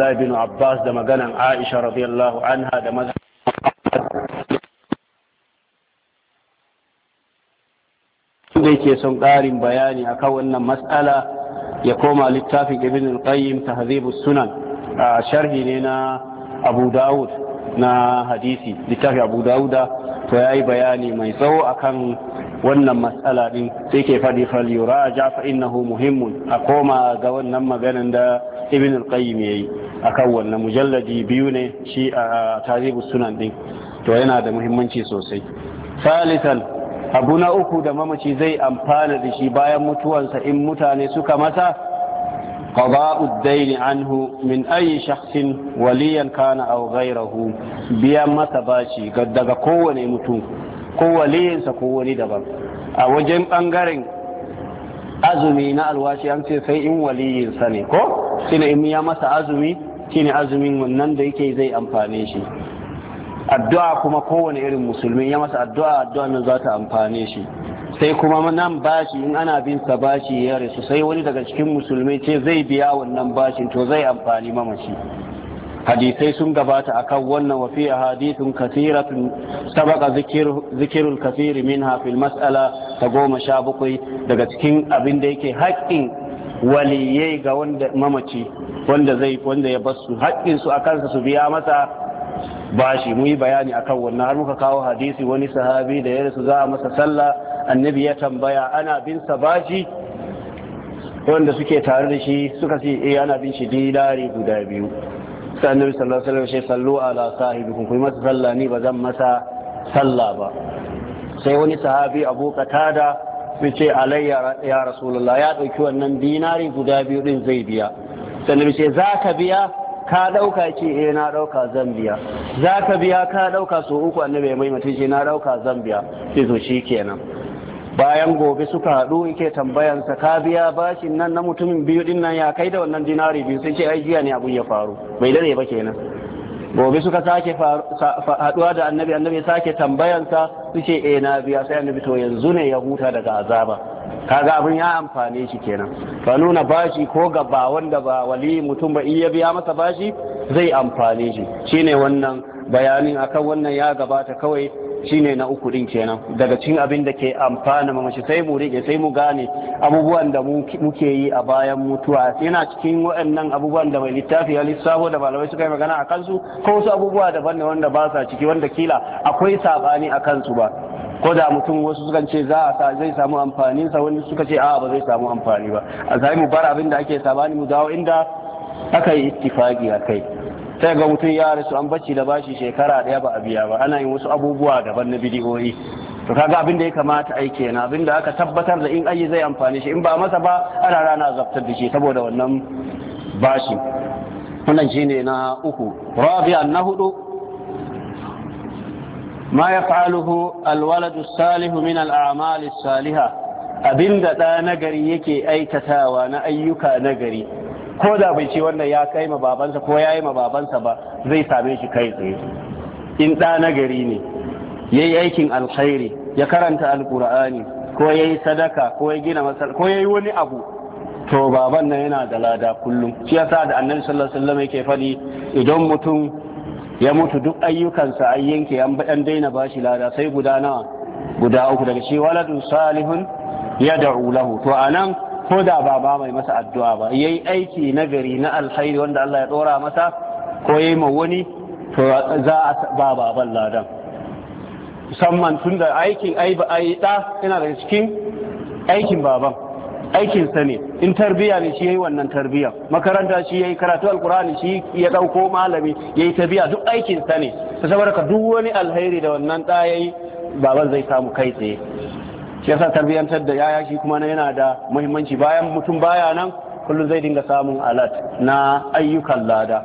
abdullahi bin abbas da maganan aisha radiyallahu anha da mazhabin da yake son ƙarin bayani akan wannan mas'ala ya koma littafin ibn al-qayyim tahdhibus sunan a sharhi ne na abu dawud na hadisi littafin abu dawuda to yayi bayani mai tsawo akan wannan mas'ala din sai ke faɗi falyura a fa innahu muhimmun a koma ga wannan maganan da ibn al-qayyim yayi a kan wannan mujalladi biyu ne shi a tarihi sunan din to yana da muhimmanci sosai salisan abu na uku da mamaci zai amfana da shi bayan mutuwansa in mutane suka masa anhu min ayi shakhsin waliyan kana aw كان biya masa baci ga daga mutum mutum ko sa ko wani daban. a wajen ɓangaren azumi na alwashi an ce sai in waliyin sa ne ko shine in ya masa azumi shine azumin wannan da yake zai amfane shi addu'a kuma kowane irin musulmi ya masa addu'a addu'a nan za ta amfane shi sai kuma nan bashi in ana bin sa bashi ya rasu sai wani daga cikin musulmi ce zai biya wannan bashin to zai amfani mamaci hadisai sun gabata akan wannan wa fi hadithun kathiratun sabaqa zikirul kathir minha fil mas'ala ta goma sha bakwai daga cikin abin da yake haƙƙin waliyai ga wanda mamaci wanda zai wanda ya basu haƙƙin su akan su biya masa bashi mu yi bayani akan wannan har muka kawo hadisi wani sahabi da ya rasu za a masa sallah annabi ya tambaya ana bin sa bashi wanda suke tare da shi suka ce eh ana bin shi dinari guda biyu sai annabi sallallahu alaihi wasallam ya sallu ala sahibikum kuma masa sallah ni ba zan masa sallah ba sai wani sahabi abu qatada sai ce alayya ya rasulullah ya ɗauki wannan dinari guda biyu ɗin zai biya sannan ce za ka biya ka ɗauka ce eh na ɗauka zan biya za ka biya ka ɗauka so uku annabi mai mutum ce na ɗauka zan biya sai zo shi kenan bayan gobe suka haɗu yake tambayansa ka biya bashin nan na mutumin biyu ɗin nan ya kai da wannan dinari biyu sai ce ai jiya ne abun ya faru bai dare ba kenan gobe suka sake haduwa da annabi annabi sake tambayansa su ce eh na biya sai annabi to yanzu ne ya huta daga azaba kaga abin ya amfane shi kenan fa nuna bashi ko ga ba wanda ba wali mutum ba iya biya masa bashi zai amfane shi shine wannan bayanin akan wannan ya gabata kawai shine na uku din kenan daga cikin abin da ke amfana mu mace sai mu rike sai mu gane abubuwan da muke yi a bayan mutuwa yana cikin waɗannan abubuwan da mai littafi ya lissafo da malamai suka yi magana a kansu ko wasu abubuwa daban ne wanda ba sa ciki wanda kila akwai sabani a kansu ba ko da mutum wasu sukan ce za a zai samu amfanin sa wani suka ce a'a ba zai samu amfani ba a zai mu bar abin da ake sabani mu dawo inda aka yi ittifaki a kai sai ga mutum ya rasu an bacci da bashi shekara daya ba a biya ba ana yin wasu abubuwa daban na bidiyoyi to kaga abin da ya kamata ai kenan abin da aka tabbatar da in ayi zai amfani shi in ba masa ba ana rana zaftar da shi saboda wannan bashi wannan shine na uku rabi'an na hudu ma yaf'aluhu alwaladu salihu min al'amali salihah abinda da nagari yake aikatawa na ayyuka nagari ko da bai ce wannan ya kai ma babansa ko ya yi ma babansa ba zai same shi kai tsaye in ɗa na gari ne ya yi aikin alkhairi ya karanta alkur'ani ko ya yi sadaka ko ya gina masar ko ya yi wani abu to baban nan yana da lada kullum shi sa da annabi sallallahu alaihi wasallam yake faɗi idan mutum ya mutu duk ayyukansa an yanke an daina bashi lada sai guda nawa guda uku daga shi waladun salihun ya da'u lahu to anan ko da ba ba mai masa addu'a ba yayi aiki na gari na alkhairi wanda Allah ya dora masa ko yayi ma wani to za a ba baban ladan musamman tun aikin ai ba ai da yana da cikin aikin baban aikin sa ne in tarbiya ne shi yayi wannan tarbiya makaranta shi yayi karatu alqur'ani shi ya dauko malami yayi tarbiya duk aikin sa ne saboda ka duk wani alkhairi da wannan da yayi baban zai samu kai tsaye shi yasa tarbiyantar da yaya shi kuma yana da muhimmanci bayan mutum baya nan kullum zai dinga samun alat na ayyukan lada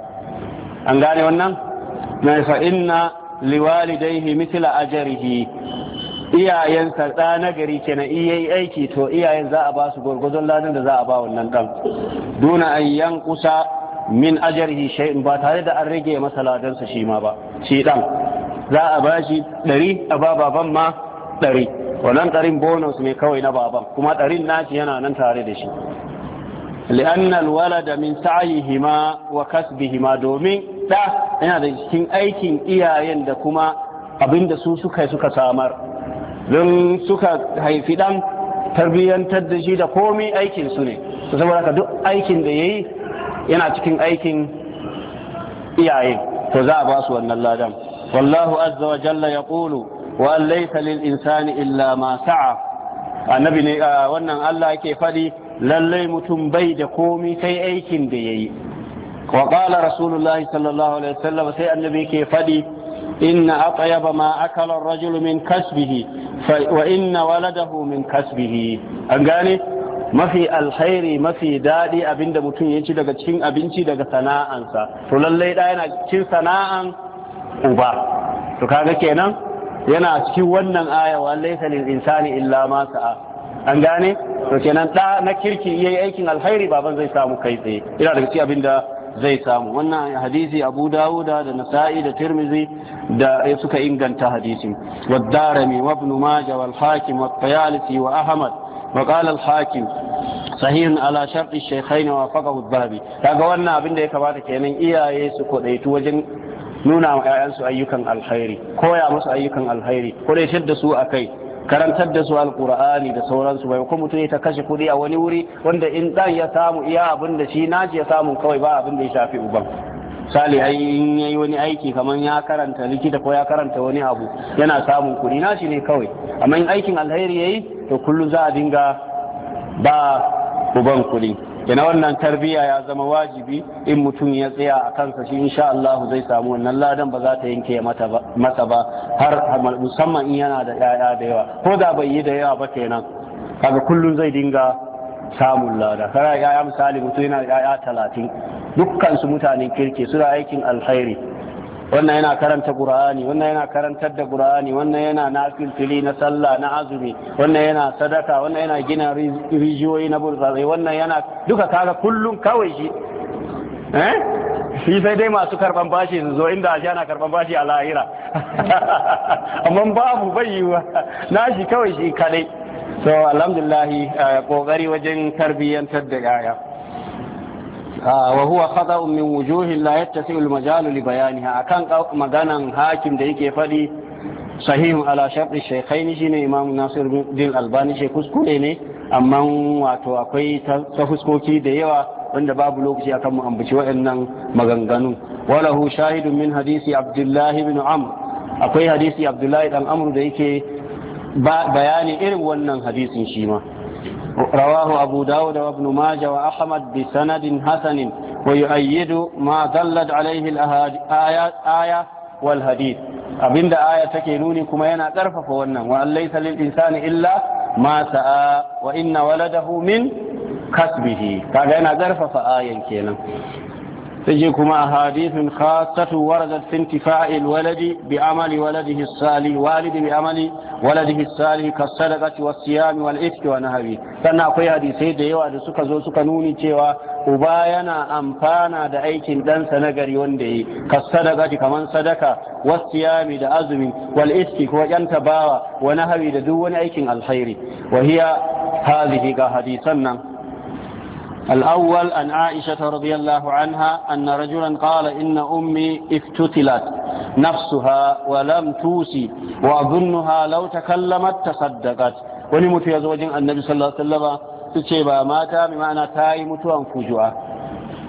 an gane wannan na yasa inna liwalidaihi mithla ajrihi iyayensa ɗa na gari kenan iya aiki to iyayen za a ba su ladan da za a ba wannan ɗan duna an yan kusa min ajrihi in ba tare da an rage masa ladansa shi ma ba shi ɗan za a ba shi ɗari a ba baban ma ɗari wannan ɗarin bonus ne kawai na baban kuma ɗarin nashi yana nan tare da shi li'anna da min sa'yihima wa hima domin ɗa yana da cikin aikin iyayen da kuma abin da su suka suka samar don suka haifi ɗan tarbiyyantar da shi da komai aikin su ne saboda ka duk aikin da yayi yana cikin aikin iyayen to za a ba su wannan ladan wallahu azza wa jalla yaqulu wa laysa lil insani illa ma sa'a annabi ne wannan Allah yake faɗi lallai mutum bai da komi sai aikin da yayi wa qala rasulullahi sallallahu alaihi wasallam sai annabi yake fadi inna atyaba ma akala ar-rajulu min kasbihi wa inna waladahu min kasbihi an gane mafi alkhairi mafi daɗi abinda mutum ya ci daga cikin abinci daga sana'ansa to lallai ɗaya yana cin sana'an uba to kaga kenan yana cikin wannan aya wa lil insani illa ma sa'a an gane to kenan da na kirki yayi aikin alkhairi baban zai samu kai tsaye ina daga cikin abinda zai samu wannan hadisi Abu Dawuda da Nasa'i da Tirmidhi da suka inganta hadisin wa Darimi wa Ibn Majah wal Hakim wa Tayalisi wa Ahmad wa qala al Hakim صحيح shaykhain wa faqahu al الذهبي kaga wannan abin da ya kamata kenan iyaye su kodaitu wajen nuna wa 'ya'yansu ayyukan alkhairi koya musu ayyukan alkhairi dai da su a kai karantar da su alkur'ani da sauransu bai ko mutum ta kashe kuɗi a wani wuri wanda in dan ya samu iya abin da shi naji ya samu kawai ba abin da ya shafi uban misali in yayi wani aiki kamar ya karanta likita ko ya karanta wani abu yana samun kuɗi nashi ne kawai amma in aikin alheri yayi to kullum za a dinga ba uban kuɗi kina wannan tarbiya ya zama wajibi in mutum ya tsaya a kansa shi insha Allah zai samu wannan ladan ba za ta yanke masa ba har musamman in yana da yaya da yawa ko da bai yi da yawa ba kenan kaga kullum zai dinga samun lada kana yaya misali mutum yana da yaya talatin dukkan su mutanen kirki suna aikin alkhairi wannan yana karanta qur'ani wannan yana karantar da qur'ani wannan yana nafilfili na sallah na azumi wannan yana sadaka wannan yana gina rijiyoyi na burtsatsi wannan yana duka kaga kullun kawai shi eh shi sai dai masu karban bashi su zo inda ashe ana karban bashi a lahira amma babu bayyuwa na shi kawai shi kadai so alhamdulillah kokari eh, wajen tarbiyyantar da yaya wa huwa khada'un min wujuhin la yattasi'u al majal li bayaniha akan maganan hakim da yake fadi sahihun ala sharɗi shaykhain shine imam nasir din albani shi kuskure ne amma wato akwai ta fuskoki da yawa wanda babu lokaci akan mu ambaci waɗannan maganganu walahu shahidun min hadisi abdullah ibn amr akwai hadisi abdullah dan Amru da yake bayani irin wannan hadisin shi ma رواه أبو داود وابن ماجه وأحمد بسند حسن ويؤيد ما دلت عليه الآية آية والحديث أبين دا آية تكينوني كما ينا قرفف ونن وأن ليس للإنسان إلا ما سعى وإن ولده من kasbihi kaga yana zarfafa ayan kenan فجي كما احاديث خاصه وردت في انتفاء الولد بعمل ولده الصالح والد بعمل ولده الصالح كالصدقه والصيام والافك ونهبي كان اكو حديثي da yawa da suka zo suka nuni cewa uba yana amfana da aikin ɗansa na gari wanda yi kasadaka kamar sadaka والصيام da azumi والافك ko yanta wani ونهبي da duk wani aikin alkhairi وهي هذه ga hadisan nan الأول أن عائشة رضي الله عنها أن رجلا قال إن أمي افتتلت نفسها ولم توسي وأظنها لو تكلمت تصدقت ونمت يزوج النبي صلى الله عليه وسلم تشيبا ماتا بمعنى تايمت وانفجوا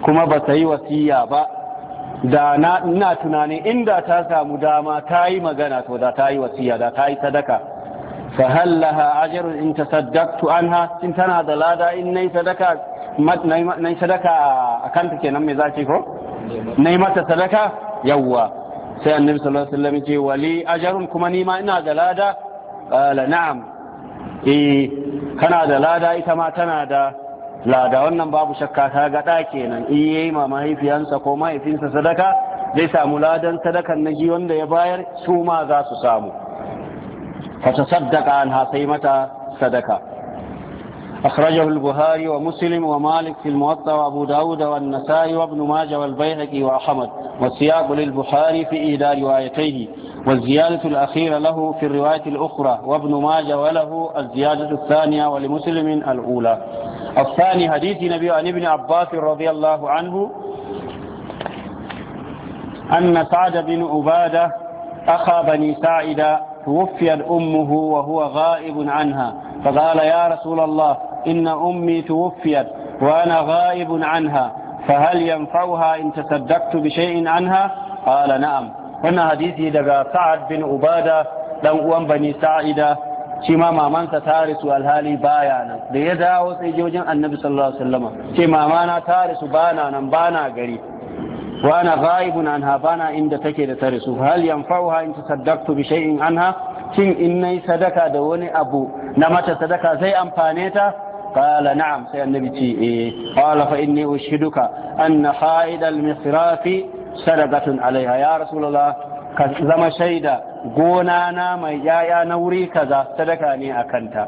كما بتي وسيا با da na ina tunani inda ta samu dama ta yi magana to da ta yi wasiya da ta yi sadaka fa hal laha ajrun in tasaddaqtu anha in tana da lada in nayi sadaka na sadaka a kanta kenan mai zaki ko na yi mata sadaka yawwa sai annabi sallallahu alaihi wasallam ce wali ajarun kuma ni ma ina da lada qala na'am eh kana da lada ita ma tana da lada wannan babu shakka ta ga da kenan in yayi ma mahaifiyansa ko mahaifinsa sadaka zai samu ladan sadakan na ji wanda ya bayar su ma za su samu fa tasaddaqa ha sai mata sadaka أخرجه البخاري ومسلم ومالك في الموطأ وأبو داود والنسائي وابن ماجه والبيهقي وأحمد والسياق للبخاري في إيداء روايتيه والزيادة الأخيرة له في الرواية الأخرى وابن ماجه وله الزيادة الثانية ولمسلم الأولى الثاني حديث نبي عن ابن عباس رضي الله عنه أن سعد بن عبادة أخى بني سعد توفيت أمه وهو غائب عنها فقال يا رسول الله In na ummini wufiyar. Wa na ga'ibun Anha? Fa hal yanzu hauhawa in ta saddaka bishiyar in Anha? Haalanan. Wannan hadisi daga Sa'ad bin Obada, dan uwan Bani Sa'ida, shima mamansa ta alhali baya nan. Da yadda a wasu ajiyajin annabi Sallallahu alaihi wa sallam. Sai mamana Bana nan, bana gari. Wa na ga'ibun Anha? Bana inda take da ta rasu. hal yanzu hauhawa in ta saddaka bishiyar Anha? cin in sadaka da wani abu na mata sadaka zai amfane ta? قال نعم سي النبي تي قال فإني أشهدك أن خائد المصراف صدقة عليها يا رسول الله كزم شيدا قونانا ما يا نوري كذا صدقاني أكنتا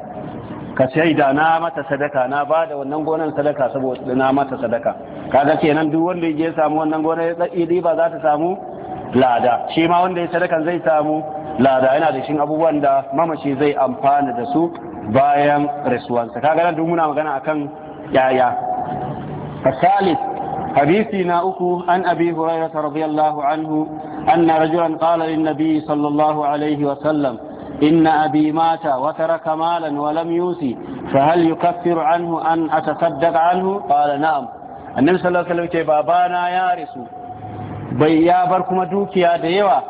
ka shaida na mata sadaka na ba da wannan gonan sadaka saboda na mata sadaka kaga kenan duk wanda ya samu wannan gonar riba za ta samu lada shi ma wanda ya sadakan zai samu lada yana da shin abubuwan da mamaci zai amfana da su bayan rasuwansa ka nan duk muna magana akan yaya fasalis hadisi na uku an abi hurairah radiyallahu anhu anna rajulan qala lin nabi sallallahu alaihi wa إن أبي مات وترك مالا ولم يوسي فهل يكفر عنه أن أتصدق عنه قال نعم النبي صلى الله عليه وسلم يا رسول ya bar kuma dukiya da yawa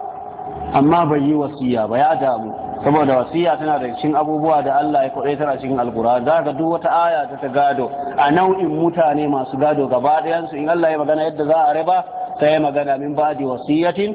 amma bai yi wasiya ba ya damu saboda wasiya tana da cikin abubuwa da Allah ya kwaɗe tana cikin alƙura za ka duk wata aya ta ta gado a nau'in mutane masu gado gaba ɗayansu in Allah ya magana yadda za a raba sai yi magana min ba'di wasiyatin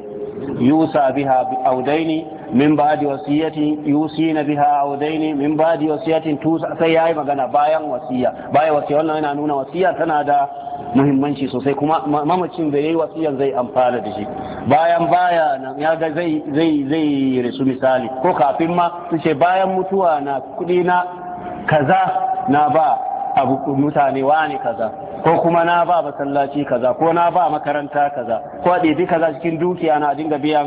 yusa biha audaini min di wasiyatin yusina biha aw daini min di wasiyatin tusa sai yayi magana bayan wasiya bayan wasiya wannan yana nuna wasiya tana da muhimmanci sosai kuma mamacin da yayi wasiyan zai amfana da shi bayan baya nan ya zai zai zai resu misali ko kafin ma su ce bayan mutuwa na kudi na kaza na ba abu mutane wani kaza ko kuma na ba masallaci kaza ko na ba makaranta kaza ko a ɗebi kaza cikin dukiya na dinga biyan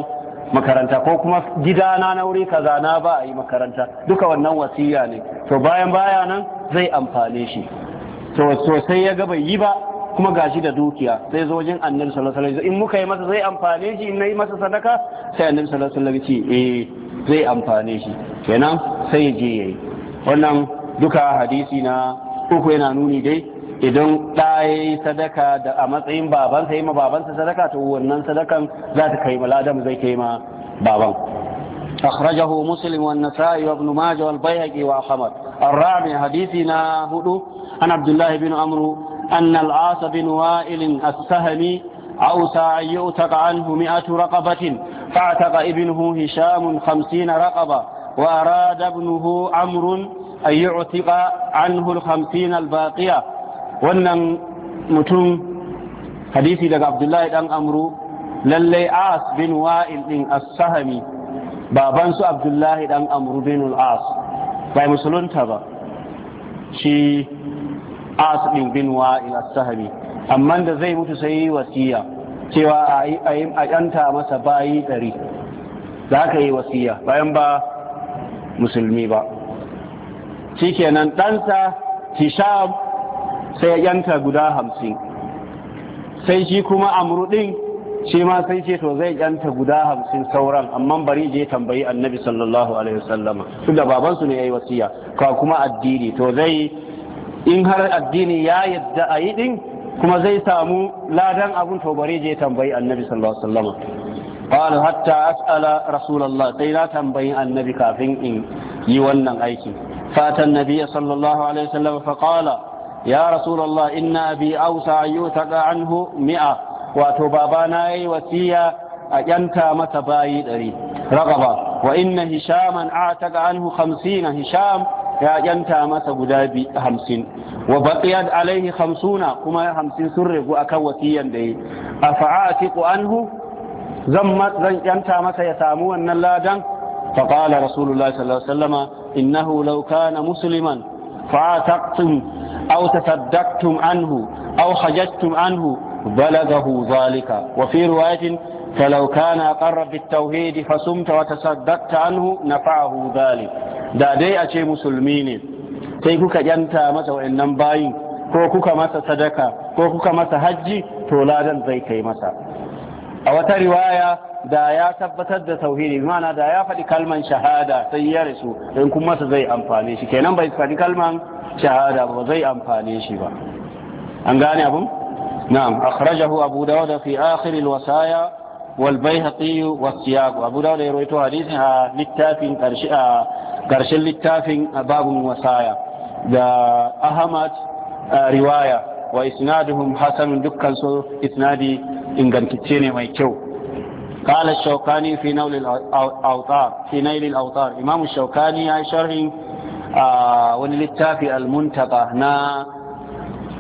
makaranta ko kuma gidana na wuri kaza na ba a yi makaranta duka wannan wasiya ne to bayan baya nan zai amfane shi to sosai ya ga bai yi ba kuma gashi da dukiya zai zo jin annabi sallallahu alaihi wasallam in muka yi masa zai amfane shi in nayi masa sadaka sai annabi sallallahu alaihi wasallam ce eh zai amfane shi kenan sai je yayi wannan duka hadisi na uku yana nuni dai idan ɗa sadaka da a matsayin babansa yi ma babansa sadaka to wannan sadakan za ta kai maladam zai kai ma baban أخرجه مسلم والنسائي وابن ماجه والبيهقي وأحمد الرابع حديثنا هدو عن عبد الله بن عمرو أن العاص بن وائل السهمي أوسى أن يؤتق عنه مئة رقبة فاعتق ابنه هشام خمسين رقبة وأراد ابنه عمرو أن يعتق عنه الخمسين الباقية wannan mutum hadisi daga abdullahi dan amru lallai as bin wa'il din as-sahami baban su abdullahi dan amru bin al-as bai musulunta ba shi as din bin wa'il as-sahami amma da zai mutu sai wasiya cewa a yi a masa bayi ɗari za ka yi wasiya bayan ba musulmi ba shikenan ɗansa hisham sai ya yanka guda hamsin sai shi kuma amrudin shi ma sai ce to zai yanta guda hamsin sauran amma bari je tambayi annabi sallallahu alaihi wasallama tunda babansu ne ya yi wasiya ka kuma addini to zai in har addini ya yadda a yi din kuma zai samu ladan abun to bari je tambayi annabi sallallahu alaihi wasallama qala hatta as'ala rasulullah sai na tambayi annabi kafin in yi wannan aiki fatan nabiy sallallahu alaihi wasallam fa qala ya rasulullah inna abi ausa ayyutaka anhu mi'a wato babana yayi wasiya a kyanta masa bayi ɗari ragaba wa inna hishaman ataka anhu a hisham ya kyanta masa guda hamsin wa baqiyat alaihi hamsuna kuma hamsin sun regu akan wasiyan da yi a fa'atiku anhu zan zan masa ya samu wannan ladan فقال رسول الله صلى الله عليه وسلم إنه لو كان مسلما فاتقتم أو تصدقتم عنه أو حججتم عنه بلغه ذلك وفي رواية فلو كان أقر بالتوحيد فصمت وتصدقت عنه نفعه ذلك da dai a ce musulmi ne sai kuka yanta masa wa'annan bayin ko kuka masa sadaka ko kuka masa hajji to ladan zai kai masa a wata riwaya da ya tabbatar da tauhidi mana da ya faɗi kalman shahada sai ya rasu in kuma masa zai amfane shi kenan bai faɗi kalman shahada ba zai amfane shi ba an gane abun na'am akhrajahu abu dawud fi akhir alwasaya wasaya wal bayhaqi abu dawud ya rawaito hadisi a littafin karshe a karshen littafin babun wasaya da ahmad eh, riwaya wa isnaduhum hasan dukkan su isnadi ingantacce ne mai kyau قال الشوكاني في نيل الأوطار في Imam Shaukani إمام الشوكاني يا شرح آه ونلتافي na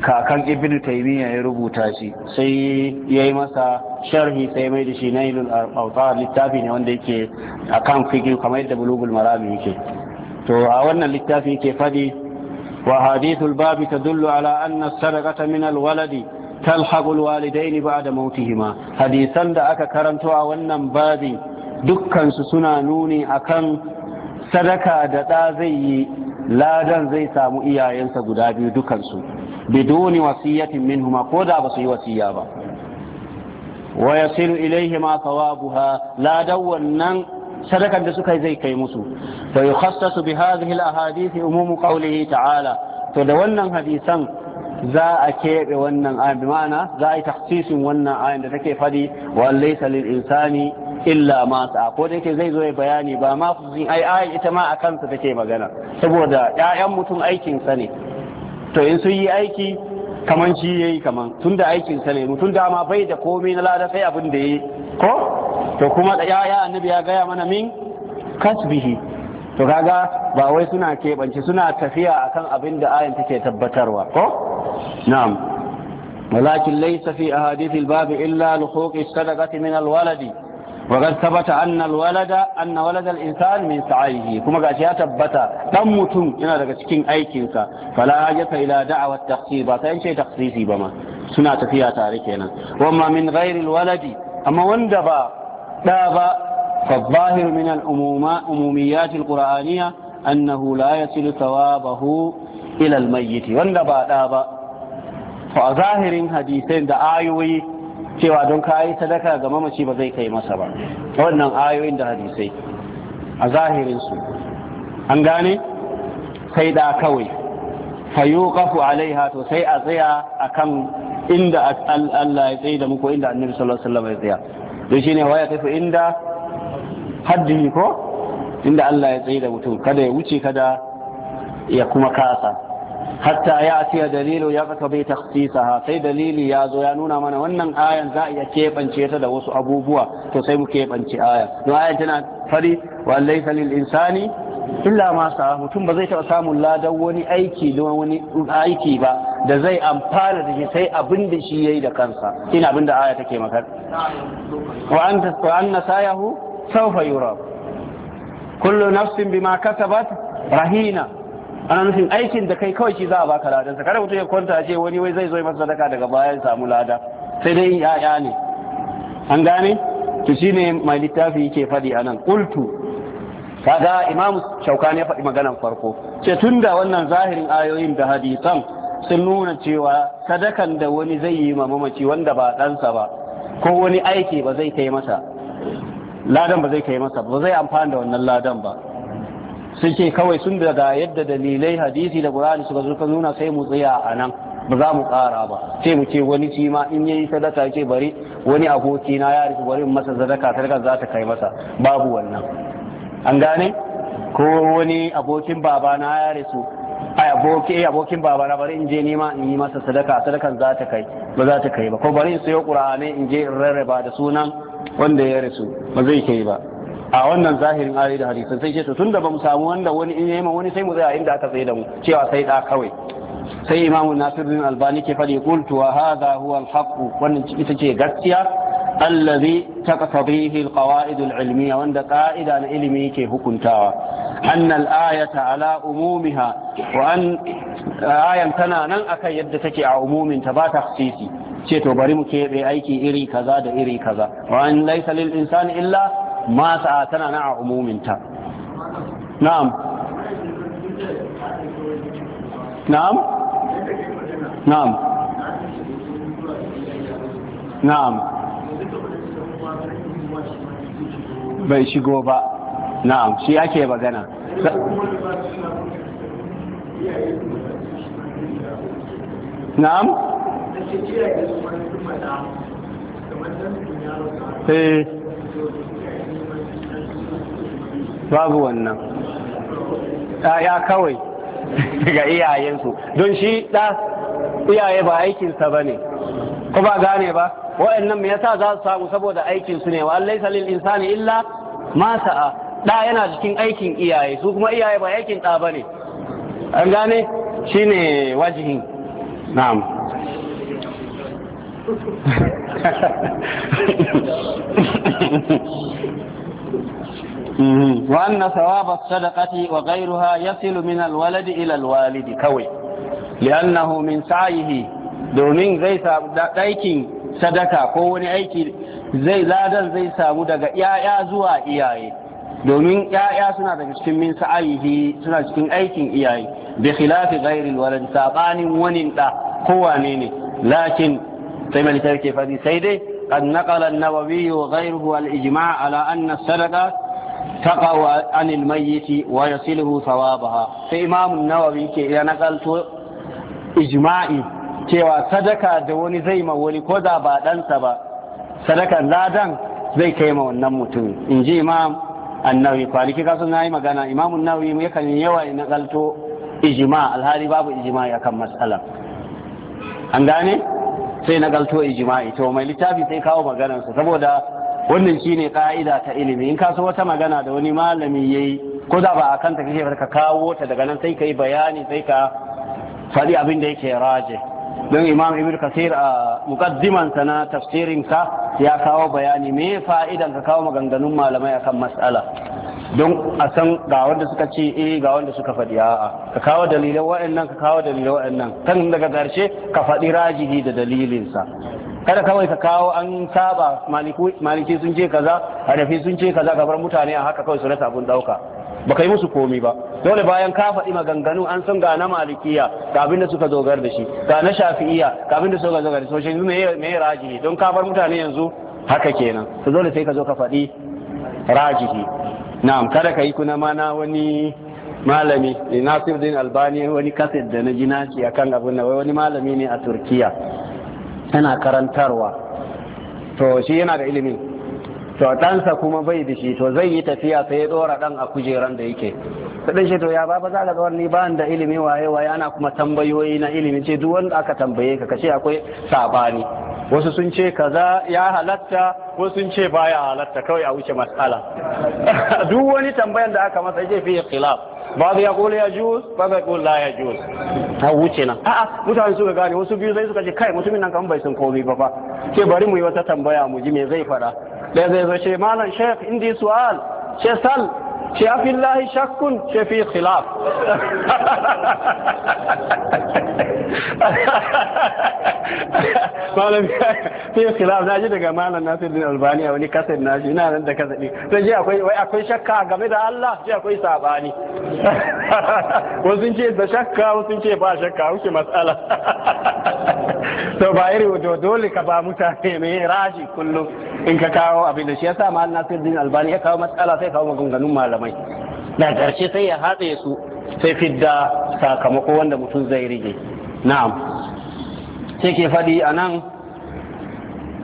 kakan ibn taymiya ya rubuta shi sai yayi masa sharhi sai mai da shi naulil autar littafi ne wanda yake akan fiki kamar yadda bulugul marami yake to a wannan littafi yake fadi wa hadithul bab tadullu ala anna sadaqata min alwaladi talhaqul walidaini ba'da mautihima hadisan da aka karanto a wannan babi dukkan su suna nuni akan sadaka da ɗa zai yi ladan zai samu iyayensa guda biyu dukansu biduni wasiyatin minhuma ko da ba su yi wasiya ba wa yasilu ilaihima thawabuha ladan wannan sadakan da suka yi zai kai musu fa yukhassasu bi hadhihi al-ahadith umum qawlihi ta'ala to da wannan hadisan za a keɓe wannan ayin bi ma'ana za a yi taksisin wannan ayan da take fadi wa laysa lil insani illa ma sa'a ko da yake zai zo ya bayani ba ma zin ai ayan ita ma a kansa take magana saboda ƴaƴan mutum aikin sa ne to in sun yi aiki kaman shi yayi kaman tun aikin sa ne mutum dama bai da komai na lada sai abin da yayi ko to kuma da annabi ya gaya mana min kasbihi to kaga ba wai suna keɓance suna tafiya akan abin da ayin take tabbatarwa ko na'am walakin laysa a hadisi babu illa lukhuq as-sadaqati min al-walad wa qad anna al-walada anna walad al-insan min sa'ihi kuma ga ya tabbata ɗan mutum yana daga cikin aikin ka fala hajata ila da'wa at-taqsir ba sai sai taqsisi ba ma suna tafiya tare kenan wa ma min ghairi al-walad amma wanda ba da ba فالظاهر من الأموميات القرآنية أنه لا يصل ثوابه إلى الميت wanda ba ɗa ba a zahirin hadisai da ayoyi cewa don ka yi sadaka ga mamaci ba zai kai masa ba wannan ayoyin da hadisai a zahirinsu an gane sai da kawai fayuqafu alaiha to sai a tsaya kan inda Allah ya tsaye da muku inda annabi sallallahu alaihi wasallam ya tsaya to shine waya tafi inda haddi ko inda Allah ya tsaye da mutum kada ya wuce kada ya kuma kasa hatta ya atiya dalilu ya fata bai takhsisaha sai dalili ya zo ya nuna mana wannan ayan za a iya keɓance ta da wasu abubuwa to sai mu keɓance ayan don ayan tana fari wa laysa lil insani illa ma sa mutum ba zai taɓa samun ladan wani aiki don wani aiki ba da zai amfana da shi sai abin da shi yayi da kansa ina abin da aya take maka wa anta wa anna sayahu sawfa yura kullu nafsin bima kasabat rahina ana nufin aikin da kai kawai shi za a baka ladan sa kada mutum ya kwanta ce wani wai zai zo masa sadaka daga baya ya samu lada sai dai ya'ya ne an gane to shine mai littafi yake fadi anan qultu kaga imamu shaukani ya faɗi maganan farko ce tunda wannan zahirin ayoyin da hadisan sun nuna cewa sadakan da wani zai yi ma mamaci wanda ba dansa ba ko wani aiki ba zai kai masa ladan ba zai kai masa ba zai amfana da wannan ladan ba sun ce kawai sun daga yadda dalilai hadisi da qur'ani suka zuka nuna sai mu tsaya a nan ba za mu ƙara ba sai mu ce wani shi ma in yayi sadaka ce bari wani aboki na ya rufe bari masa sadaka sadaka za ta kai masa babu wannan an gane ko wani abokin baba na ya rasu ai aboki eh, abokin baba na bari in je nema in yi masa sadaka sadakan za ta kai ba za ta kai ba ko bari in sayo qur'ani in je in rarraba da sunan wanda ya rasu ba zai kai ba a wannan zahirin ayoyi da hadisan sai ce to tunda ba mu samu wanda wani in yayi wani sai mu tsaya inda aka tsaye da mu cewa sai da kawai sai imamu nasiruddin albani ke fadi qultu wa hadha huwa alhaq wannan ita ce gaskiya allazi taqtadihi alqawaid alilmiya wanda ƙa'ida na ilimi yake hukuntawa anna alayata ala umumiha wa tana nan akan yadda take a umumin ta ba tafsisi ce to bari mu keɓe aiki iri kaza da iri kaza wa an laysa lil insani illa ma sa'a tana nan a bai shigo ba na'am shi ake magana na'am eh. babu wannan ya kawai ga iyayensu don shi ɗa iyaye ba aikinsa ba ne ko ba gane ba wa'annan me yasa za su samu saboda aikin su ne wa laysa lil insani illa ma sa'a da yana cikin aikin iyaye su kuma iyaye ba aikin da bane an gane shine wajihin na'am وأن ثواب الصدقة وغيرها يصل من الولد إلى الوالد كوي لأنه من سعيه domin zai samu ɗaikin sadaka ko wani aiki zai ladan zai samu daga yaya zuwa iyaye domin yaya suna daga cikin min sa'ayihi suna cikin aikin iyaye bi khilafi ghairi walad sabanin wani ɗa ko wane ne lakin sai mai tarke fadi sai dai qad naqala an-nawawi wa ghairuhu al-ijma' ala anna sadaka taqa wa anil mayyit wa yasiluhu thawabaha sai imam an-nawawi ke ya naqalto ijma'i cewa sadaka da wani zai ma wani ko da ba ɗansa ba sadakan ladan zai kai ma wannan mutum in ji imam annawi kwaliki kasu na yi magana imamun nawi yakan yawa na galto ijima alhali babu ijima ya kan matsala an gane sai na ijima to mai littafi sai kawo maganarsa saboda wannan shine ka'ida ta ilimi in kaso wata magana da wani malami yayi ko da ba a kanta kake ka kawo ta daga nan sai ka bayani sai ka faɗi abin da yake raje don imam ibn kasir a mukaddimansa na tafsirinsa ya kawo bayani me fa'idan ka kawo maganganun malamai akan mas'ala don a san ga wanda suka ce eh ga wanda suka faɗi a'a ka kawo wa'in wa'annan ka kawo wa'in wa'annan kan daga ƙarshe ka faɗi rajihi da dalilinsa kada kawai ka kawo an saba maliki sun ce kaza hanafi sun ce kaza bar mutane a haka kawai su rasa abun ɗauka baka yi musu komi ba dole bayan ka faɗi maganganu an san ga na malikiya ga abin da suka dogar da shi ga na shafi'iya ga abin da suka dogar da shi yanzu me me rajihi don ka bar mutane yanzu haka kenan to dole sai ka zo ka faɗi rajihi na'am kada ka yi kuna mana wani malami Nasir din Albani wani kaset da na ji naci akan abin nan wani malami ne a Turkiya yana karantarwa to shi yana da ilimin to ɗansa kuma bai da shi to zai yi tafiya sai ya ɗora ɗan a kujeran da yake sai shi to ya ba za ka ga ba da ilimi waye waye ana kuma tambayoyi na ilimi ce duk wanda aka tambaye ka kace akwai sabani wasu sun ce kaza ya halatta wasu sun ce baya halatta kawai a wuce matsala duk wani tambayan da aka masa yake fi khilaf ba ya kula ya juz ba ya kula ya juz ta wuce nan a'a mutane suka gane wasu biyu zai suka ce kai mutumin nan kan bai sun komai ba ba. ce bari mu yi wata tambaya mu ji me zai fada لا بشي مالا شيخ عندي سؤال شي سل شي في الله شك شي في خلاف malam fi khilaf na ji daga malam nasiruddin albani a wani kasar na shi ina nan da kasar ne to ji akwai wai akwai shakka game da Allah ji akwai sabani wasu ce da shakka wasu ce ba shakka wuce matsala to ba iri wato dole ka ba mutane mai rashi kullum in ka kawo abin da shi yasa malam nasiruddin albani ya kawo matsala sai kawo maganganun malamai da ƙarshe sai ya haɗe su sai fidda sakamako wanda mutum zai rige na'am sai ke faɗi a nan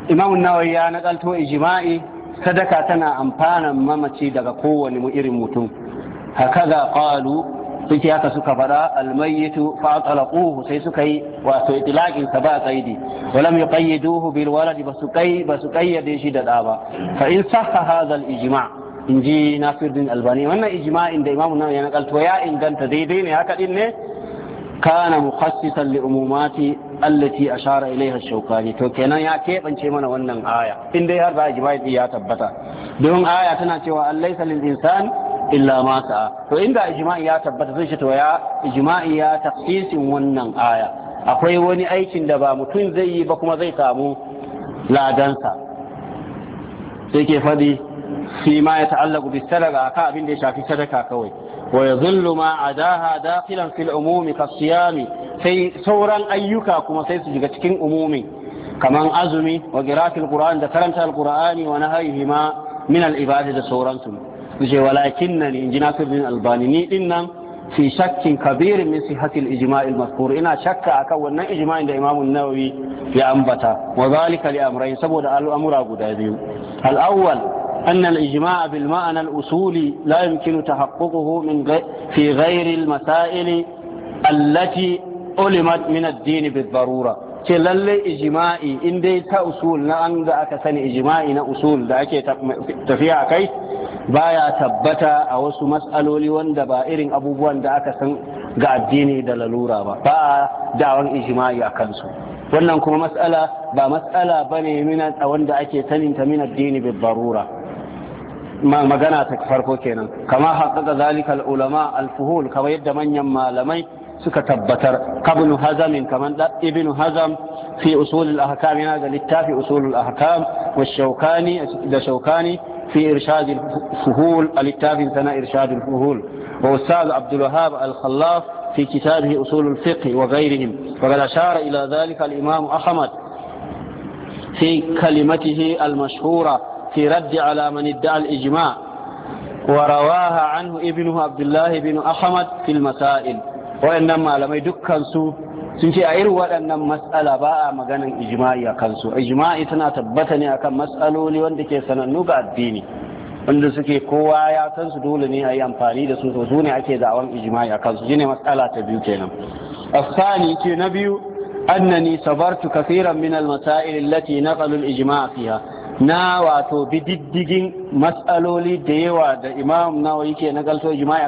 imamun ya nakalto ijima'i sadaka tana amfanan mamaci daga kowane irin mutum hakaza ga suke haka suka faɗa almayyitu fa talaquhu sai suka yi wato itlaqin sa ba qaidi wa ya yuqayyiduhu bil walad basu kai basu qayyade shi da da ba fa in sahha hadha al ijma' inji nasiruddin albani wannan ijma'in da imamu nawawi ya nakalto ya inganta daidai ne haka din ne kana mukhassisan li umumati allati ashara ilaiha ash-shawkani to kenan ya kebance mana wannan aya in dai har ba ijma'i ya tabbata don aya tana cewa allaysa lil insan illa ma sa'a to inda ijma'i ya tabbata sai to ya ijma'i ya tafsisin wannan aya akwai wani aikin da ba mutum zai yi ba kuma zai samu ladansa sai ke fadi fi ma ya ta'allaku bis sadaka ka abin da ya shafi sadaka kawai wa yadhillu ma adaha dakhilan fil umumi kasiyami sai sauran ayyuka kuma sai su shiga cikin umumi kaman azumi wa qira'atul qur'an da karanta alqur'ani wa nahayhi ma min al ibada da sauransu yace walakinnani injina bin albani ni dinnan fi shakkin kabirin min sihhatil ijma'il mazkur ina shakka akan wannan ijma'in da Imam nawawi ya ambata wa zalika li amrayn saboda al'amura guda biyu al-awwal Annan ijima'a بالمعنى الأصولي لا يمكن تحققه من غير في غير المسائل التي علمت من الدين بالضرورة ce lallai ijima'i in dai ta usul na an da aka sani ijima'i na usul da ake tafiya a kai baya tabbata a wasu matsaloli wanda ba irin abubuwan da aka san ga addini da lalura ba ba a dawon ijima'i a kansu wannan kuma matsala ba mas'ala bane mina wanda ake saninta min addini bi barura مغنى تكفركو كينا كما حقق ذلك العلماء الفهول كما يد من يما لمي سكتبتر كابن هزم كما ابن هزم في أصول الأحكام قال في أصول الأحكام والشوكاني دشوكاني في إرشاد الفهول الاتاف ثناء إرشاد الفهول وأستاذ عبد الوهاب الخلاف في كتابه أصول الفقه وغيرهم وقد أشار إلى ذلك الإمام أحمد في كلمته المشهورة في رد على من ادعى الإجماع ورواها عنه ابنه عبد الله بن أحمد في المسائل وإنما لم يدكن سوء sun ce a irin waɗannan matsala ba a maganin ijma'i a kansu ijma'i suna tabbata ne akan matsaloli wanda ke sanannu ga addini wanda suke kowa ya san su dole ne a yi amfani da su to su ne ake da'awan ijma'i a kansu shine matsala ta biyu kenan asani ce na biyu annani sabartu kaseeran min al-masail allati naqalu al-ijma' fiha na wato bididdigin matsaloli da yawa da imam nawawi ke na galto jima'i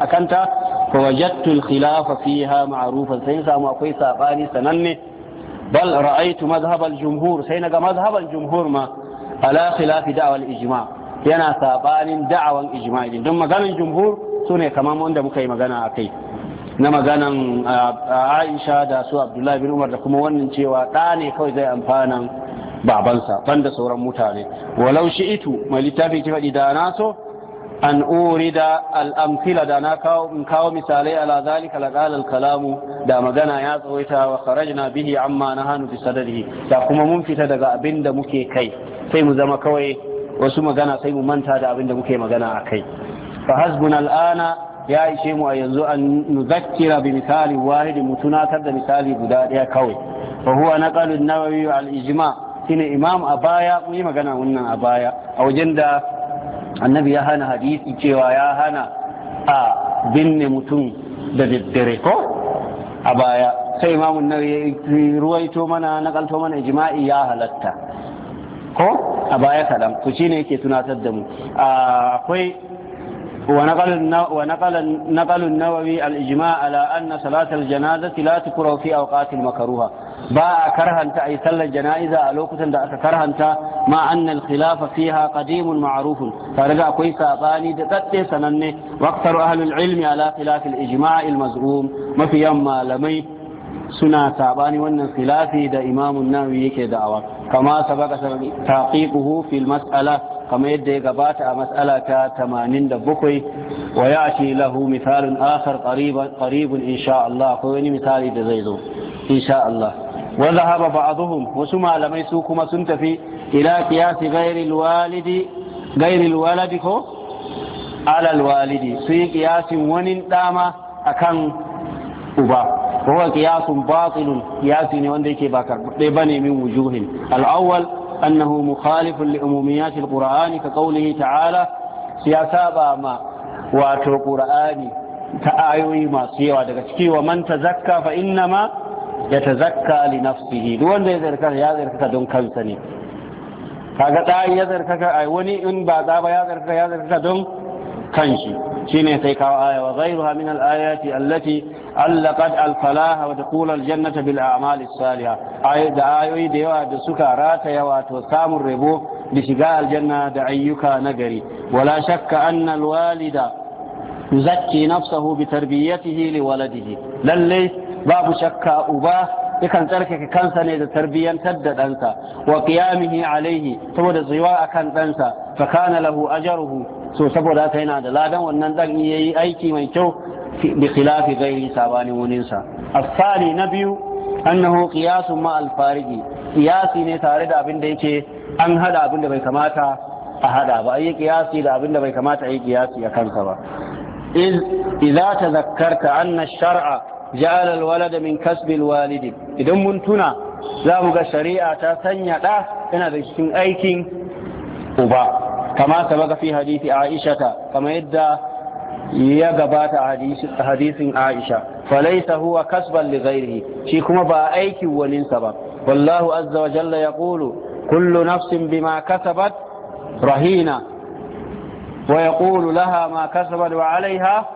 a kanta fa wajadtu al-khilafa fiha ma'rufan sai samu akwai sabani sananne bal ra'aytu madhhab al-jumhur sai naga madhhab al-jumhur ma ala khilafi da'wa al-ijma' yana sabanin da'awan ijma'i din don maganan jumhur sune kamar wanda muka yi magana akai na maganan Aisha da su Abdullahi bin Umar da kuma wannan cewa ɗa ne kawai zai amfana. babansa banda sauran mutane walau shi'itu mai littafin ki faɗi da na so an urida al'amfila da na kawo misalai ala zalika la kalamu da magana ya tsawaita wa kharajna bihi amma na hannu fi sadarihi da kuma mun fita daga abinda muke kai sai mu zama kawai wasu magana sai mu manta da abinda muke magana a kai fa hasbuna al'ana ya ishe mu a yanzu an nuzakkira bi misali wahidi mu tunatar da misali guda ɗaya kawai fa huwa naqalu an-nawawi al-ijma' shine imam a baya mun yi magana wannan a baya a wajen da annabi ya hana hadisi cewa ya hana a binne mutum da daddare ko a baya sai imamun nan ya ruwaito mana nakalto mana jima'i ya halatta ko a baya kaɗan ku shine yake tunatar da mu akwai ونقل ونقل نقل النووي الإجماع على أن صلاة الجنازة لا تكرى في أوقات المكروهة باء كرهنت أي صلى الجنائزة ألوكة دا كرهنت مع أن الخلاف فيها قديم معروف فرجع كوي ساباني دتت سنن واكثر أهل العلم على خلاف الإجماع المزعوم ما في يوم لمي سنا sabani وان khilafi da امام النووي كده كما سبق تحقيقه في المساله kamar yadda ya gabata a matsala ta 87 wa ya'ti lahu misalin akhar qariban qaribun insha Allah akwai wani misali da zai zo insha Allah wa dhahaba ba'dhum wasu malamai su kuma sun tafi ila qiyasi ghairi alwalidi ghairi ko ala alwalidi su yi qiyasin wani dama akan uba وهو قياس باطل قياس ne wanda yake ba karbe bane min wujuhin al-awwal أنه مخالف لعموميات القرآن كقوله تعالى سياسابا ما واتو القرآن تآيوي ما سيوا دكتكي ومن تزكى فإنما يتزكى لنفسه دون ذي ذلك يا ذلك دون كنسني kaga ɗayan ya zarkaka a wani in ba za ba ya zarkaka ya zarkaka don kanshi shine sai kawo aya wa ghayruha min al-ayati allati allaqat al-falaha wa taqulu al-jannata bil a'mali saliha ay da ayoyi da yawa da suka rata yawa to samun rabo da shiga aljanna da ayyuka nagari wala shakka anna al-walida yuzakki nafsahu bi tarbiyatihi li waladihi lalle babu shakka uba yakan tsarkake kansa ne da tarbiyyantar da ɗansa wa qiyamihi alaihi saboda a akan ɗansa fa kana lahu ajruhu so saboda haka yana da ladan wannan dan ya yi aiki mai kyau bi khilafi gairi sabani wuninsa asali na biyu annahu qiyasu ma Farigi, qiyasi ne tare da abin da yake an hada abin da bai kamata a hada ba ai qiyasi da abin da bai kamata ayi qiyasi a kansa ba idza tadhakkarta anna shara ja'ala al-walada min idan mun tuna za mu ga shari'a ta sanya da yana da cikin aikin uba kama sabaga fi hadisi aisha kama yadda ya gabata hadisin aisha falaisa huwa kasban li shi kuma ba aikin waninsa ba wallahu azza wa jalla yaqulu kullu nafsin bima kasabat rahina wa yaqulu laha ma kasabat wa alaiha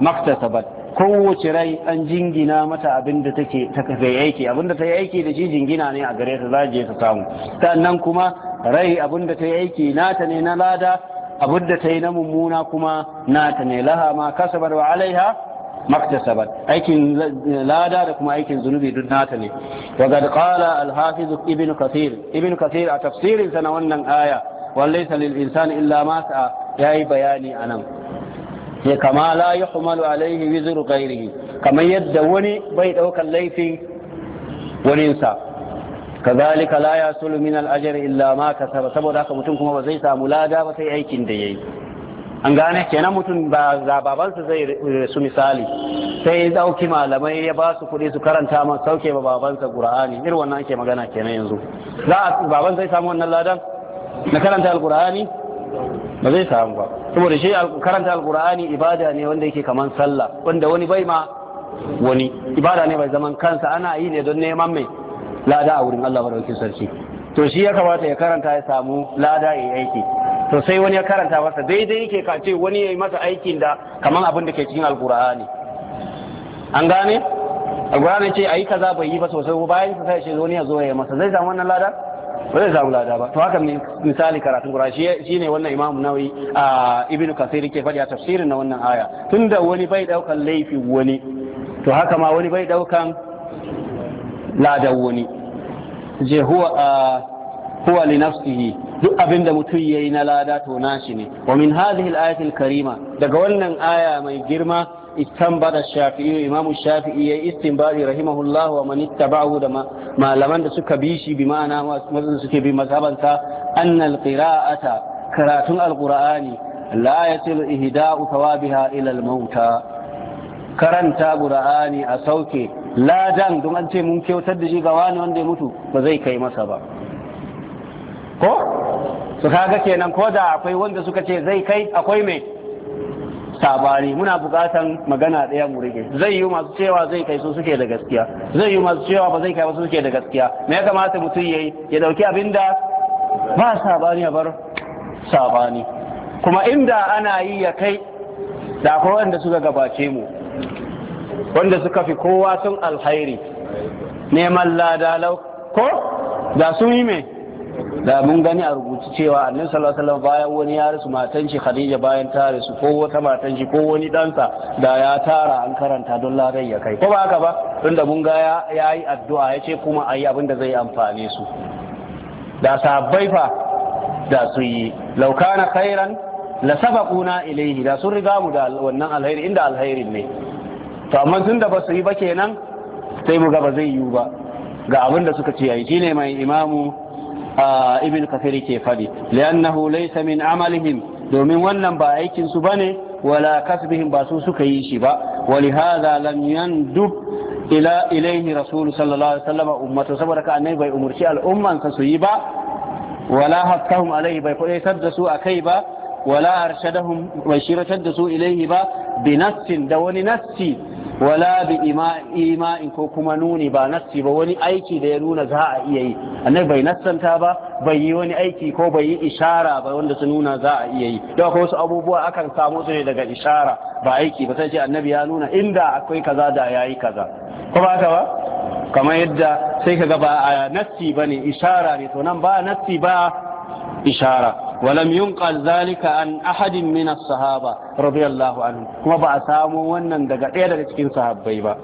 maktasabat kowace rai an jingina mata abin da take ta aiki abin da ta yi aiki da shi jingina ne a gare za je ta samu sannan kuma rai abinda ta yi aiki nata ne na lada abinda ta yi na mummuna kuma nata ne laha ma kasabar wa alaiha maktasabat aikin lada da kuma aikin zunubi duk nata ne wa qad qala al-hafiz ibn kathir ibn kathir a tafsirin sa na wannan aya wallaysa lil insani illa ma sa'a yayi bayani anan sai kama la yuhmalu alaihi wizru ghairihi kamar yadda wani bai ɗaukar laifin waninsa kazalika la yasulu min al-ajr illa ma kasaba saboda haka mutum kuma ba zai samu lada ba sai aikin da yayi an gane kenan mutum ba su zai su misali sai ya dauki malamai ya ba su kuɗi su karanta ma sauke ba babansa qur'ani irin wannan ake magana kenan yanzu za a baban zai samu wannan ladan na karanta alqur'ani ba zai samu ba saboda shi karanta alqur'ani ibada ne wanda yake kaman sallah wanda wani bai ma wani ibada ne bai zaman kansa ana yi ne don neman mai lada a wurin Allah madaukakin sarki to shi ya kamata ya karanta ya samu lada ya aiki to sai wani ya karanta masa daidai yake ka ce wani ya yi masa aikin da kaman abin da ke cikin alkur'ani an gane alkur'ani ce ayi kaza bai yi ba sosai ko bayan sa sai ce wani ya zo ya yi masa zai samu wannan lada ba zai samu lada ba to haka misali karatun qur'ani shi ne wannan imamu nawawi a ibnu kasir ke faɗi a tafsirin na wannan aya tunda wani bai daukan laifi wani to haka ma wani bai daukan ladan wani je huwa a huwa li nafsihi duk abin da mutum yayi na lada to nashi ne wa min hadhihi al al-karima daga wannan aya mai girma istanbada shafi'i imamu shafi'i yayi istinbadi rahimahullah wa man ittaba'ahu da malaman da suka bi shi bi ma'ana mazan suke bi sa, anna al-qira'ata karatun al-qur'ani la yasilu ihda'u thawabiha ila al-mauta karanta qur'ani a sauke ladan don an ce mun kyautar da shi ga wani wanda ya mutu ba zai kai masa ba ko su kaga kenan ko da akwai wanda suka ce zai kai akwai mai sabani muna bukatan magana ɗaya mu rike zai yi masu cewa zai kai su suke da gaskiya zai yi masu cewa ba zai kai ba suke da gaskiya me ya kamata mutum yayi ya dauki abin da ba sabani bar sabani kuma inda ana yi ya kai da akwai wanda suka gabace mu wanda suka fi kowa sun alhairi neman lada lau ko da sun yi mai da mun gani a rubuci cewa annabi sallallahu bayan wani ya rasu matan shi Khadija bayan ta rasu ko wata matan shi ko wani ɗansa da ya tara an karanta don ladan ya kai ko ba haka ba da mun ga ya yi addu'a ya ce kuma a yi abin da zai amfane su da sabbai fa da su yi na kairan khairan la sabaquna ilayhi da sun riga mu da wannan alheri inda alherin ne to amma tun da ba su yi ba kenan sai mu gaba zai yiwu ba ga abin da suka ce yayi shine mai imamu ibn kafir ke fadi li'annahu laysa min amalihim domin wannan ba aikin su bane wala kasbihim ba su suka yi shi ba wali hadha lam yandub ila ilayhi rasul sallallahu alaihi wasallam ummato saboda ka annabi bai umurci al'umman ka su yi ba wala hakkahum alaihi bai kodai sadda su akai ba wala arshadahum bai shiratar da su ilaihi ba binassin da wani nassi wala bi ima'in ko kuma nuni ba nassi ba wani aiki da ya nuna za a iya yi annabi bai nassanta ba bai yi wani aiki ko bai yi ishara ba wanda su nuna za a iya yi da ko wasu abubuwa akan samu su ne daga ishara ba aiki ba sai ce annabi ya nuna inda akwai kaza da yayi kaza ko ba haka ba kamar yadda sai kaga ba a nassi bane ishara ne to nan ba nassi ba ishara ولم ينقل an ahadin احد من الصحابه رضي الله عنهم كما با wannan daga ɗaya daga cikin sahabai ba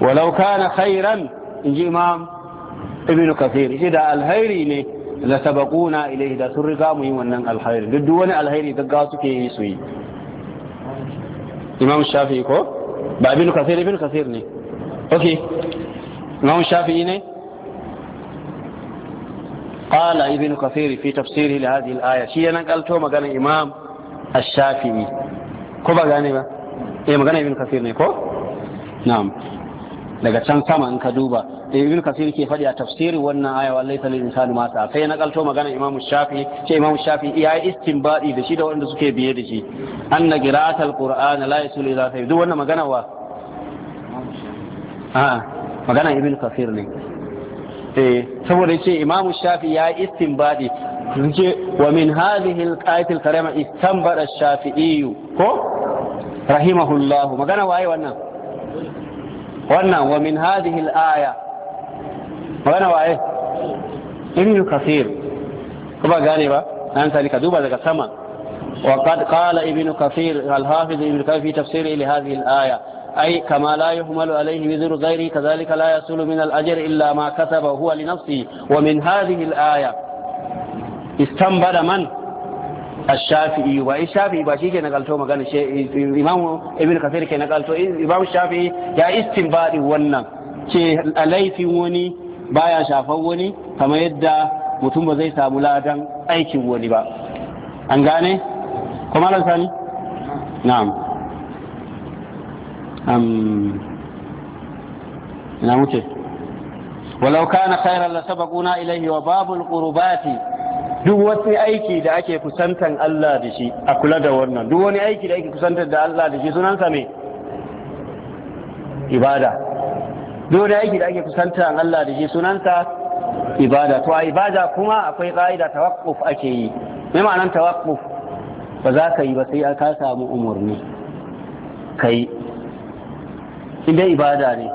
ولو كان خيرا inji imam ibn kathir shi da alhairi ne la sabaquna ilayhi da sun mu yi wannan alhairi duk wani alhairi gaggawa suke yi su yi imam ko ba ibn kathir ibn kathir ne okay imam shafi ne قال ابن كثير في تفسيره لهذه الآية شيء نقلته مقال إمام الشافعي كو بغاني با إيه مقال ابن كثير نيكو نعم daga can sama in ka duba eh, ibn kasir ke faɗi a tafsirin wannan aya wallahi ta lil insani ma sai na kalto magana imamu shafi ce imamu shafi ya yi istinbadi da shi da wanda suke biye da shi anna qira'atul qur'an la yasulu ila sayyid duk wannan magana wa a magana ibn kasir ne eh saboda yace imamu shafi ya istinbadi yace wa min hadhihi al-ayat al-karima istanbada shafii ko rahimahullah magana waye wannan wannan wa min hadhihi al-aya magana waye ibn kathir kuma gane ba an sani ka duba daga sama وقد قال ابن كثير الحافظ ابن كثير في تفسيره لهذه الآية أي كما لا يحمل عليه وزر غيره كذلك لا يصل من الأجر إلا ما كسبه هو لنفسه ومن هذه الآية استنبد من الشافعي والشافعي باشي كي نقلتو مغان إمام ابن كثير كي نقلتو إمام الشافعي يا استنباد ونن كي ألي في وني بايا wani kamar yadda mutum ba zai samu ladan aikin wani ba an gane kuma sani na'am na wuce walau kana khairan la sabaquna ilayhi wa babul qurbati duk wani aiki da ake kusantan Allah da shi a kula da wannan duk wani aiki da ake kusantar da Allah da shi sunansa me ibada duk wani aiki da ake kusantan Allah da shi sunansa ibada to a ibada kuma akwai ka'ida tawaqquf ake yi me ma'anar tawaqquf ba za ka yi ba sai ka samu umurni kai in dai ibada ne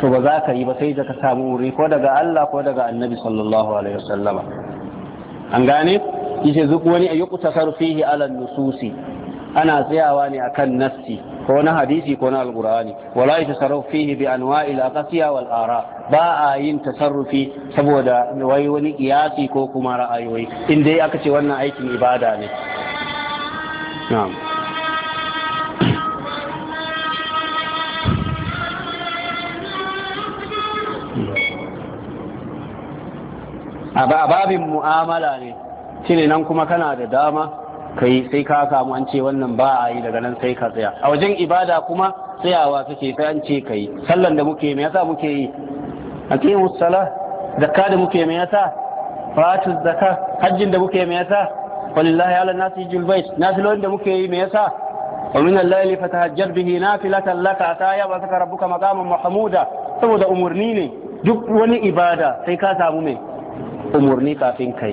to ba za ka yi ba sai da ka samu wuri ko daga Allah ko daga Annabi sallallahu alaihi wasallama an gane yace duk wani ayyukutasar fihi ala nususi ana tsayawa ne akan nassi ko na hadisi ko na alqur'ani wala yatasarrafu fihi bi anwa'i al wal ara ba a yin tasarrufi saboda wai wani kiyasi ko kuma ra'ayoyi in dai aka ce wannan aikin ibada ne na'am a babin mu'amala ne shine nan kuma kana da dama Ka yi sai ka samu an ce wannan ba a yi daga nan sai ka tsaya a wajen ibada kuma tsayawa kake sai an ce ka yi. sallan da muke me yasa muke yi A ke musala zakka da muke me yasa fatu zakka hajjin da muke me yasa walillahi ala nasi julbait nasilon da muke yi me yasa ومن الليل فتهجر به نافلة لك عسى يبعثك ربك مقاما محمودا saboda umarni ne duk wani ibada sai ka samu me. umarni kafin ka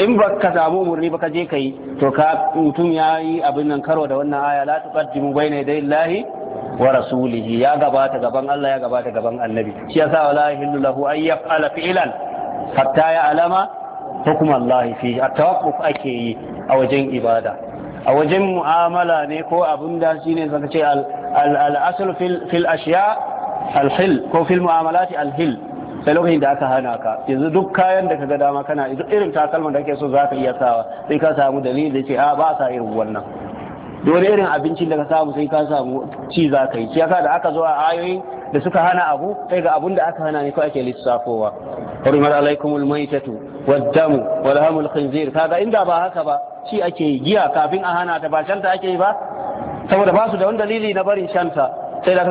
in ba ka samu umarni ba ka je ka to ka mutum ya yi abin nan karo da wannan aya la tuqaddimu bayna yaday illahi wa rasulihi ya gabata gaban Allah ya gabata gaban annabi shi yasa wala yahillu lahu an yaf'ala fi'lan hatta ya'lama hukum Allah fi at-tawaqquf ake yi a wajen ibada a wajen mu'amala ne ko abin da shine zaka ce al-asl fil ashiya al-hil ko fil mu'amalati al-hil sai lokacin da aka hana ka yanzu duk kayan da ka ga dama kana duk irin takalman da kake so za ka iya sawa sai ka samu dalili da ce ah, a ba sa irin wannan dole irin abincin da ka samu sai ka samu ci za ka yi shi yasa da aka zo a ayoyi da suka hana abu sai ga abun da aka hana ne ko ake lissafowa hurmar alaikumul maitatu waddamu wal hamul khinzir kaga inda ba haka ba shi ake giya kafin a hana ta ba shanta ake yi ba saboda ba su da wani dalili na barin shanta sai da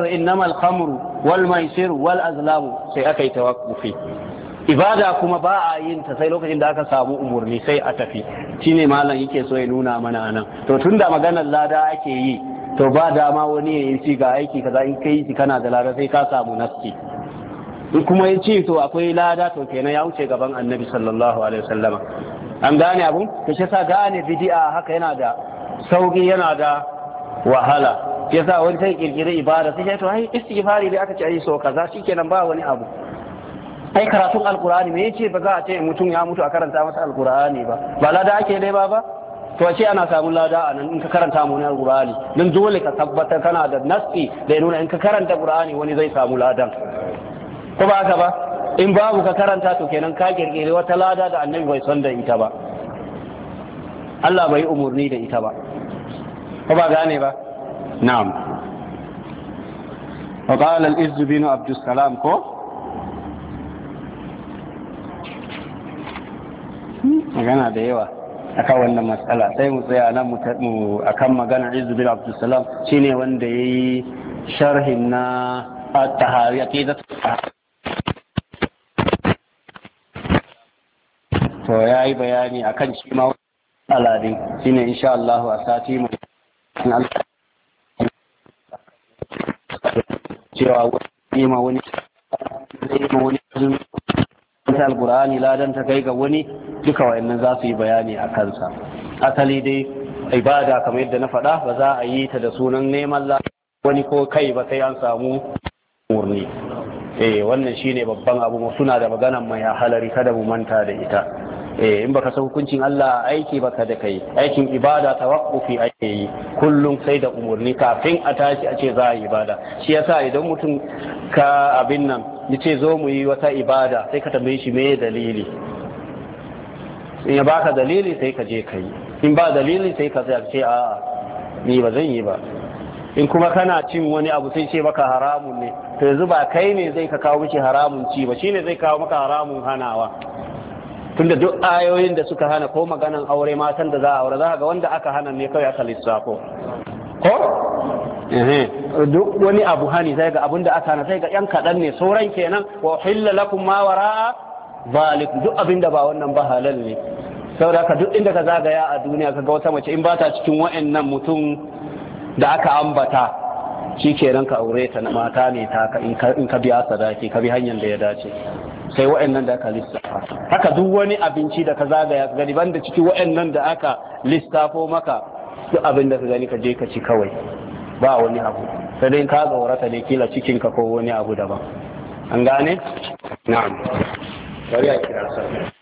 khamru wal maisir wal azlamu sai aka yi tawakkufi ibada kuma ba a yin ta sai lokacin da aka samu umurni sai a tafi shine malam yake so ya nuna mana nan to tunda maganar lada ake yi to ba dama wani ya yi ci ga aiki kaza in kai shi kana da lada sai ka samu nafsi in kuma ya ce to akwai lada to kenan ya wuce gaban annabi sallallahu alaihi wasallama an gane abun to shi sa gane bid'a haka yana da sauki yana da wahala yasa wani sai kirkiri ibada sai ya to ai istighfari da aka ce ai so kaza shikenan ba wani abu ai karatun alkur'ani me yace ba za a ce mutum ya mutu a karanta masa alkur'ani ba ba lada ake dai ba ba to ce ana samun lada a nan in ka karanta mu ne alkur'ani dan dole ka tabbatar kana da nasi da nuna in ka karanta qur'ani wani zai samu ladan ko ba haka ba in babu ka karanta to kenan ka kirkiri wata lada da annabi bai son da ita ba Allah bai umurni da ita ba ko ba gane ba na'am wa qala al-izz bin abdus salam ko magana da yawa akan wannan matsala sai mu tsaya nan mu akan magana izu bin abdussalam shine wanda yayi sharhin na at-tahawi aqidat to yayi bayani akan shi ma aladin shine insha Allah a sati mu Allah cewa wani ma wani zai ma wani ta alkur'ani ladan ta kai ga wani duka wayannan za su yi bayani a kansa asali dai ibada kamar yadda na faɗa ba za a yi ta da sunan neman ladan wani ko kai ba sai an samu murni eh wannan shine babban abu suna da maganan mai halari kada mu manta da ita In eh, in baka san hukuncin Allah aiki baka da kai aikin ibada tawaqqufi ake yi kullum sai da umurni kafin a tashi a ce za a yi ibada shi yasa idan mutum ka abin nan yace zo mu yi wata ibada sai ka tambaye shi me dalili in ya baka dalili sai ka je ka yi in ba dalili sai ka ce a ni ba zan yi ba in kuma kana cin wani abu sai ce maka haramun ne to yanzu ba kai ne zai ka kawo miki haramun ci ba shine zai kawo maka haramun hanawa tunda duk ayoyin da suka hana ko maganan aure matan da za a aure za ga wanda aka hana ne kawai aka lissafo ko duk wani abu hani sai ga abinda aka hana sai ga yan kaɗan ne sauran kenan wa hilla lakum ma wara zalik duk abinda ba wannan ba halal ne saboda haka duk inda ka zagaya a duniya ka ga wata mace in ba ta cikin wa'annan mutum da aka ambata shi kenan ka aure ta mata ne ta in ka biya sadaki ka bi hanyar da ya dace sai wa'annan da aka lissafa haka duk wani abinci da ka zagaya ka gani banda ciki wa'annan da aka lissafo maka su abin da ka gani ka je ka ci kawai ba wani abu sai dai ka gaurata ne kila cikin ka ko wani abu daban an gane na'am bari a kira